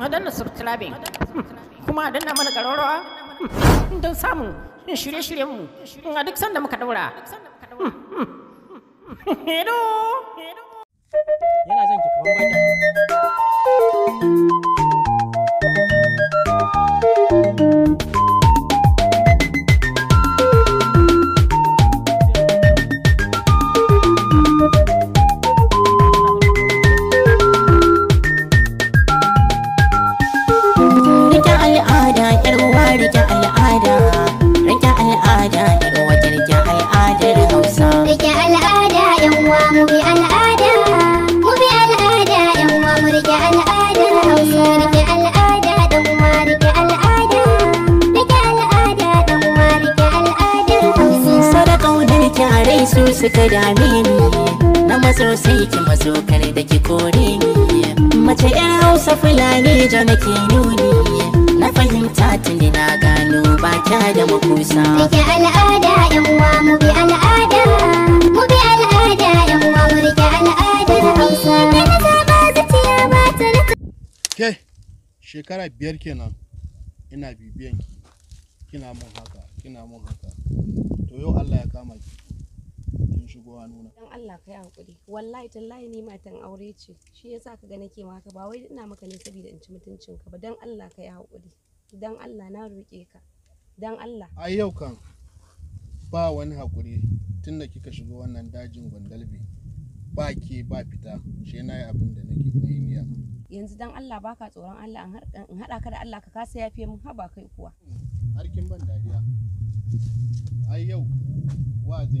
a danna subscribing kuma a danna mana ƙararrawa don samun shirye-shiryenmu a duk sanda muka daura. Hello! rike al'ada yar uwa rike al'ada rike al'ada yar uwa rike al'adar Hausa rike al'ada yan uwa mu bi al'ada mu bi al'ada yan uwa mu rike al'adar Hausa rike al'ada dan uwa rike al'ada rike al'ada dan uwa rike al'adar Hausa sadaka da kyarai su suka dame ni na maso sai ki mazo kare da ki kore ni mace yar hausa fulani ja nake nuni da mu kusa rike al'ada yan uwa mu bi al'ada mu bi al'ada yan uwa mu rike al'ada da hausa ke shekara biyar kenan ina bibiyan ki kina mun haka kina mun haka to yau Allah ya kama ki kin shigo a nuna dan Allah kai hakuri wallahi tallahi ni matan aure ce shi yasa ka ga nake ka ba wai ina maka ne saboda in ci mutuncin ka ba dan Allah kai hakuri dan Allah na roƙe ka don Allah a yau kan ba wani hakuri tun da kika shiga wannan dajin gwandalbe ba ke ba fita shi na yi abin da nake na yanzu dan Allah baka tsoron Allah in haɗa ka da Allah ka kasa yafe mun haba kai kuwa mm, harkin ban dariya ai yau bare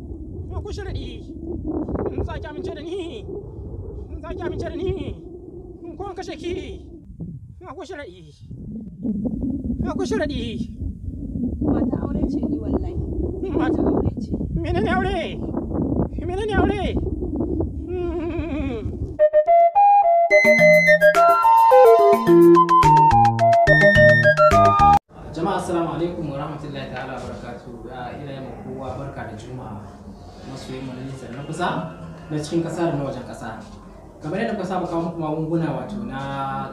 kuma kun shirya in za ki amince da ni in za ki amince da ni in kuma kashe ki akwai sharaɗi akwai sharaɗi mata aure ce ni wallahi hmm, mata aure ce menene aure menene aure Thank hmm, you. Hmm, Assalamu alaikum wa rahmatullahi ta'ala wa barakatu ila yamma kowa barka da juma'a masoyin mu na nisa na kusa na cikin kasa da na wajen kasa kamar yadda kuka saba kawo muku magunguna wato na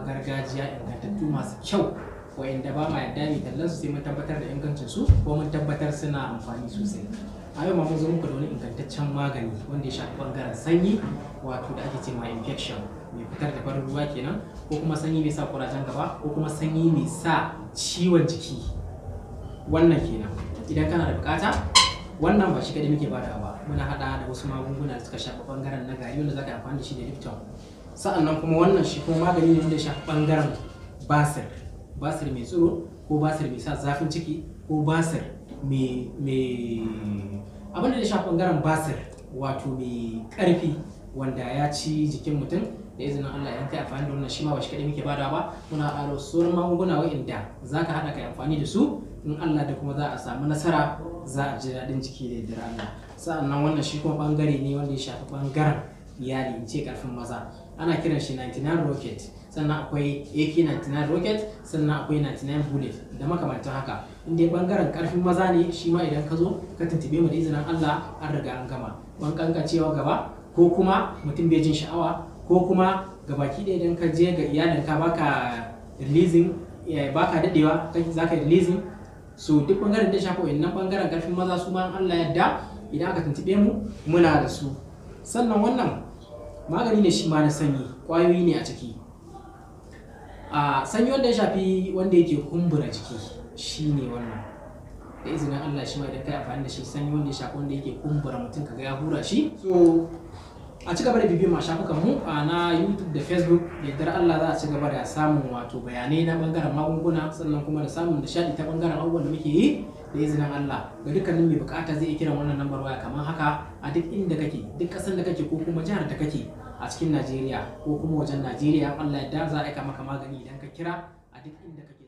gargajiya ingantattu masu kyau wa'inda ba ma yadda mai tallan su sai mun tabbatar da ingancin su ko mun tabbatar suna amfani sosai a yau ma mun zo muku da wani ingantaccen magani wanda ya shafi bangaren sanyi wato da ake ce ma infection mai fitar da farin ruwa kenan ko kuma sanyi mai sa kurajen gaba ko kuma sanyi mai sa ciwon jiki wannan kenan idan kana da bukata wannan ba shi kadai muke bada ba muna hada da wasu magunguna da suka shafi bangaren na gari wanda zaka amfani da shi da lipton sa'annan kuma wannan shi kuma magani ne wanda ya shafi bangaren basir basir mai tsoro ko basir mai sa zafin ciki ko basir mai mai abin da ya shafi bangaren basir wato mai karfi wanda ya ci jikin mutum da izinin Allah ya kai amfani da wannan shi ma ba shi kadai muke bada ba muna hada da wasu magunguna wa'inda zaka hada kai amfani da su in Allah da kuma za a samu nasara za a ji daɗin jiki da yadda Sa'an sa'annan wannan shi kuma bangare ne wanda ya shafi bangaren iyali in ce ƙarfin maza ana kiran shi 99 rocket sannan akwai AK-99 rocket sannan akwai 99 bullet da makamantan haka inda ya bangaren ƙarfin maza ne shi ma idan ka zo ka tuntube mu da izinin Allah an riga an gama ban kankacewa gaba ko kuma mutum bai jin sha'awa ko kuma gabaki ɗaya idan ka je ga iyalinka baka releasing eh, baka daɗewa za ka yi releasing so duk bangaren da shafa wannan bangaren karfin maza su ma Allah yadda idan aka tuntube mu muna da su sannan wannan magani ne shi ma na sanyi kwayoyi ne a ciki a sanyi wanda ya shafi wanda yake kumbura jiki shi ne wannan da izinin Allah shi ma idan kai amfani da shi sanyi wanda ya shafi wanda yake kumbura mutum kaga ya hura shi so a ci gaba da bibiyar ma mu a na youtube da facebook da allah za a ci gaba da samun wato bayanai na bangaren magunguna sannan kuma da samun da shaɗi ta bangaren abubuwan da muke yi da izinin allah ga dukkanin mai bukata zai iya kiran wannan lambar waya kamar haka a duk inda kake duk kasan da kake ko kuma jihar da kake a cikin najeriya ko kuma wajen najeriya allah ya da za a aika maka magani idan ka kira a duk inda kake